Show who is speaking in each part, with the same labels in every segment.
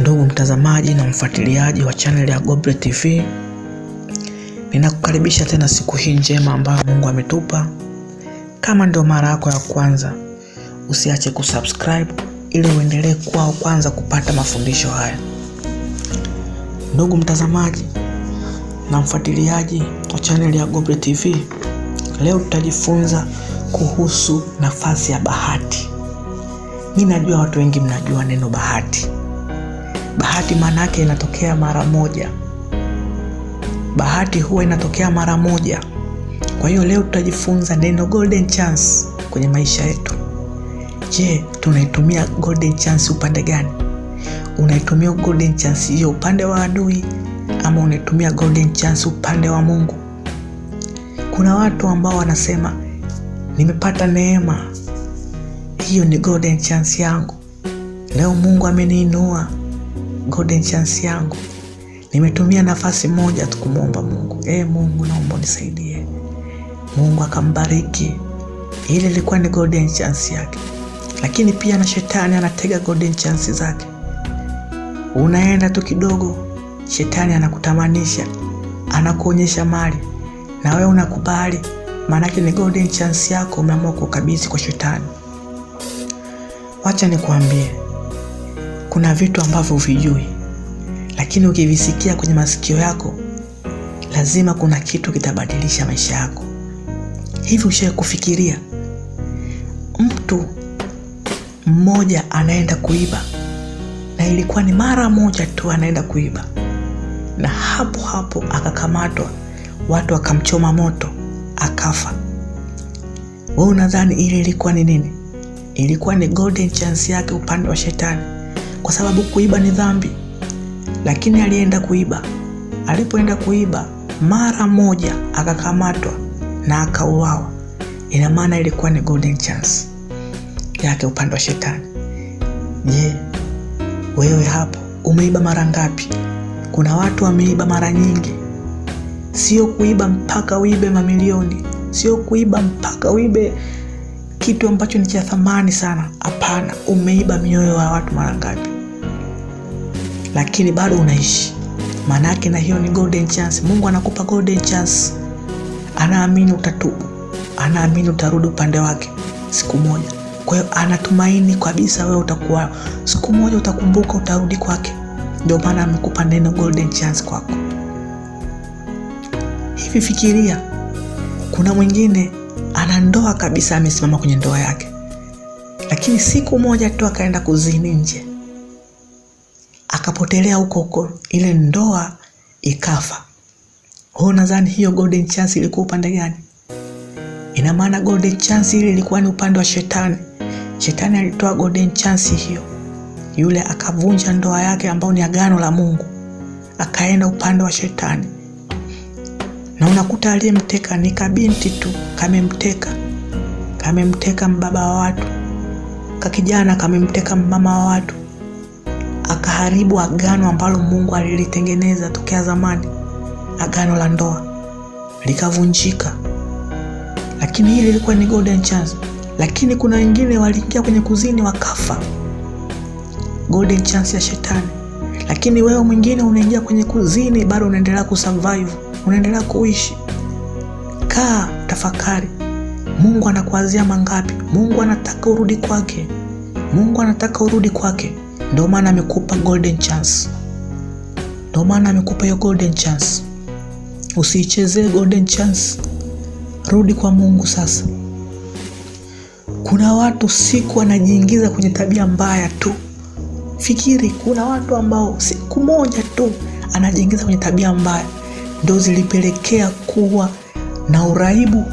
Speaker 1: Ndugu mtazamaji na mfuatiliaji wa chaneli ya Gobre TV, ninakukaribisha tena siku hii njema ambayo Mungu ametupa. Kama ndio mara yako ya kwanza, usiache kusubscribe ili uendelee kuwa wa kwanza kupata mafundisho haya. Ndugu mtazamaji na mfuatiliaji wa chaneli ya Gobre TV, leo tutajifunza kuhusu nafasi ya bahati. Mimi najua watu wengi mnajua neno bahati Bahati manake inatokea mara moja, bahati huwa inatokea mara moja. Kwa hiyo leo tutajifunza neno golden chance kwenye maisha yetu. Je, tunaitumia golden chance upande gani? Unaitumia golden chance hiyo upande wa adui ama unaitumia golden chance upande wa Mungu? Kuna watu ambao wanasema nimepata neema, hiyo ni golden chance yangu, leo Mungu ameniinua golden chance yangu nimetumia nafasi moja tu kumwomba Mungu, e Mungu, naomba nisaidie Mungu akambariki, ile ilikuwa ni golden chance yake. Lakini pia na shetani anatega golden chance zake. Unaenda tu kidogo, shetani anakutamanisha, anakuonyesha mali na wewe unakubali, maanake ni golden chance yako, umeamua kukabidhi kwa shetani. Wacha nikwambie kuna vitu ambavyo huvijui, lakini ukivisikia kwenye masikio yako, lazima kuna kitu kitabadilisha maisha yako. Hivi ushawahi kufikiria mtu mmoja anaenda kuiba na ilikuwa ni mara moja tu anaenda kuiba, na hapo hapo akakamatwa, watu akamchoma moto akafa. Wewe unadhani ili ilikuwa ni nini? Ilikuwa ni golden chance yake upande wa shetani kwa sababu kuiba ni dhambi. Lakini alienda kuiba, alipoenda kuiba mara moja akakamatwa na akauawa. Ina maana ilikuwa ni golden chance yake upande wa shetani. Je, wewe hapo umeiba mara ngapi? Kuna watu wameiba mara nyingi. Sio kuiba mpaka uibe mamilioni, sio kuiba mpaka uibe kitu ambacho ni cha thamani sana. Hapana, umeiba mioyo ya wa watu mara ngapi? lakini bado unaishi, maana yake na hiyo ni golden chance. Mungu anakupa golden chance, anaamini utatubu, anaamini utarudi upande wake siku moja. Kwa hiyo anatumaini kabisa wewe utakuwa, siku moja utakumbuka, utarudi kwake. Ndio maana amekupa neno golden chance kwako. Hivi fikiria, kuna mwingine ana ndoa kabisa, amesimama kwenye ndoa yake, lakini siku moja tu akaenda kuzini nje akapotelea huko huko, ile ndoa ikafa. Wewe nadhani hiyo golden chance ilikuwa upande gani? Ina maana golden chance ile ilikuwa ni upande wa shetani. Shetani alitoa golden chance hiyo, yule akavunja ndoa yake ambayo ni agano la Mungu, akaenda upande wa shetani, na unakuta aliyemteka ni kabinti tu, kamemteka kamemteka mbaba wa watu, kakijana kamemteka mama wa watu akaharibu agano ambalo Mungu alilitengeneza tokea zamani, agano la ndoa likavunjika. Lakini hili lilikuwa ni golden chance, lakini kuna wengine waliingia kwenye kuzini wakafa. Golden chance ya shetani. Lakini wewe mwingine unaingia kwenye kuzini bado unaendelea kusurvive, unaendelea kuishi. Kaa tafakari, Mungu anakuazia mangapi? Mungu anataka urudi kwake. Mungu anataka urudi kwake. Ndio maana amekupa golden chance, ndio maana amekupa hiyo golden chance. Usiichezee golden chance, rudi kwa Mungu. Sasa kuna watu siku wanajiingiza kwenye tabia mbaya tu. Fikiri, kuna watu ambao siku moja tu anajiingiza kwenye tabia mbaya ndo zilipelekea kuwa na uraibu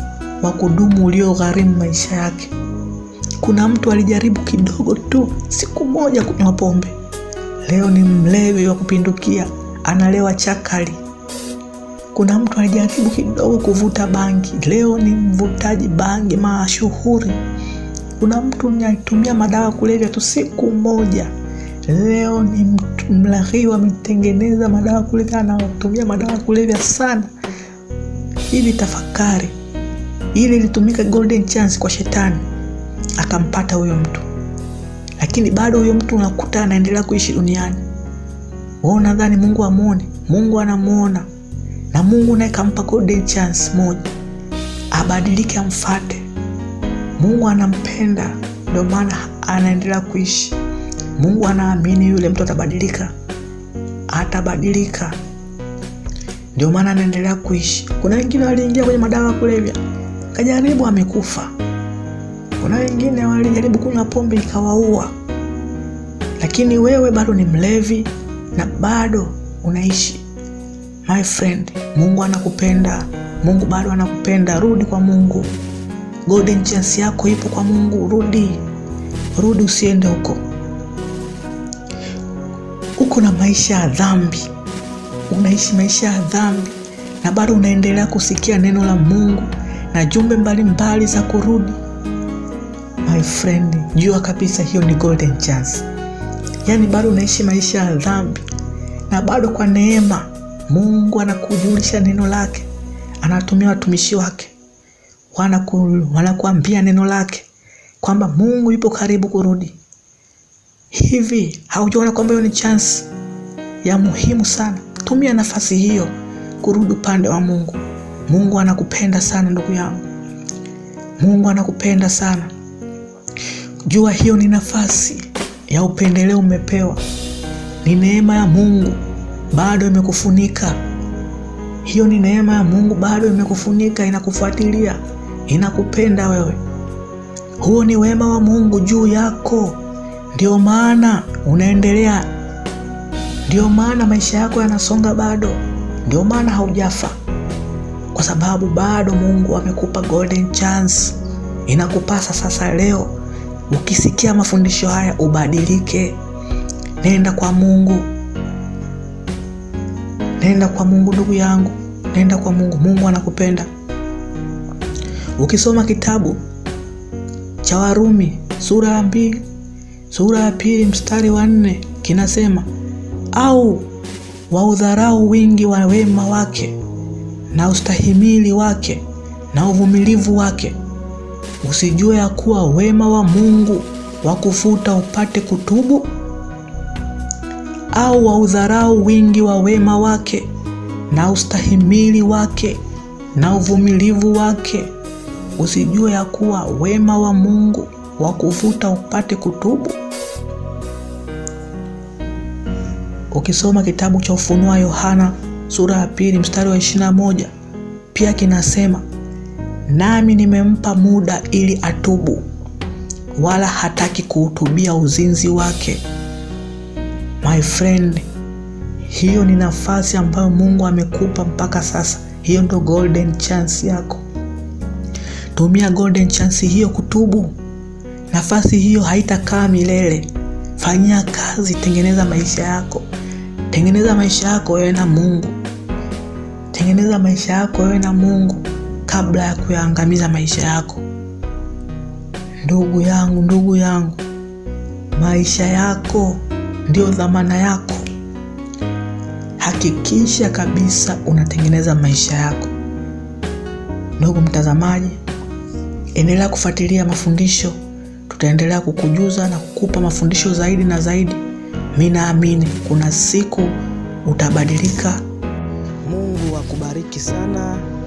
Speaker 1: wa kudumu uliogharimu maisha yake kuna mtu alijaribu kidogo tu siku moja kunywa pombe, leo ni mlevi wa kupindukia, analewa chakali. Kuna mtu alijaribu kidogo kuvuta bangi, leo ni mvutaji bangi mashuhuri. Kuna mtu alitumia madawa kulevya tu siku moja, leo ni mlahiwa ametengeneza madawa kulevya, anatumia madawa kulevya sana. Hivi tafakari, ili ilitumika golden chance kwa shetani akampata huyo mtu, lakini bado huyo mtu unakuta anaendelea kuishi duniani. Wewe unadhani Mungu amuone? Mungu anamuona, na Mungu naye kampa golden chance moja abadilike, amfate. Mungu anampenda, ndio maana anaendelea kuishi. Mungu anaamini yule mtu atabadilika, atabadilika, ndio maana anaendelea kuishi. Kuna wengine waliingia kwenye madawa ya kulevya, kajaribu, amekufa kuna wengine walijaribu kunywa pombe ikawaua, lakini wewe bado ni mlevi na bado unaishi. My friend, Mungu anakupenda, Mungu bado anakupenda. Rudi kwa Mungu, golden chance yako ipo kwa Mungu. Rudi, rudi, usiende huko. Uko na maisha ya dhambi, unaishi maisha ya dhambi na bado unaendelea kusikia neno la Mungu na jumbe mbalimbali za kurudi my friend, jua kabisa hiyo ni golden chance. Yaani bado unaishi maisha ya dhambi na bado kwa neema Mungu anakujulisha neno lake, anatumia watumishi wake, wanakuambia neno lake kwamba Mungu yupo karibu kurudi. Hivi haujaona kwamba hiyo ni chance ya muhimu sana? Tumia nafasi hiyo kurudi upande wa Mungu. Mungu anakupenda sana ndugu yangu, Mungu anakupenda sana. Jua hiyo ni nafasi ya upendeleo umepewa, ni neema ya Mungu bado imekufunika. Hiyo ni neema ya Mungu bado imekufunika, inakufuatilia, inakupenda wewe. Huo ni wema wa Mungu juu yako, ndio maana unaendelea, ndio maana maisha yako yanasonga bado, ndio maana haujafa, kwa sababu bado Mungu amekupa golden chance. Inakupasa sasa leo Ukisikia mafundisho haya ubadilike, nenda kwa Mungu, nenda kwa Mungu ndugu yangu, nenda kwa Mungu. Mungu anakupenda. Ukisoma kitabu cha Warumi sura ya mbili sura ya pili mstari wa nne kinasema, au waudharau wingi wa wema wake na ustahimili wake na uvumilivu wake usijue ya kuwa wema wa Mungu kufuta upate kutubu, au wa udharau wingi wa wema wake na ustahimili wake na uvumilivu wake? Usijue ya kuwa wema wa Mungu kufuta upate kutubu? Ukisoma kitabu cha Ufunuo Yohana sura ya pili mstari wa 21 pia kinasema nami nimempa muda ili atubu, wala hataki kuhutubia uzinzi wake. My friend, hiyo ni nafasi ambayo Mungu amekupa mpaka sasa. Hiyo ndo golden chance yako. Tumia golden chance hiyo kutubu. Nafasi hiyo haitakaa milele. Fanyia kazi, tengeneza maisha yako, tengeneza maisha yako wewe na Mungu, tengeneza maisha yako wewe na Mungu kabla ya kuyaangamiza maisha yako. Ndugu yangu, ndugu yangu, maisha yako ndiyo dhamana yako. Hakikisha kabisa unatengeneza maisha yako. Ndugu mtazamaji, endelea kufuatilia mafundisho. Tutaendelea kukujuza na kukupa mafundisho zaidi na zaidi. Mi naamini kuna siku utabadilika. Mungu akubariki sana.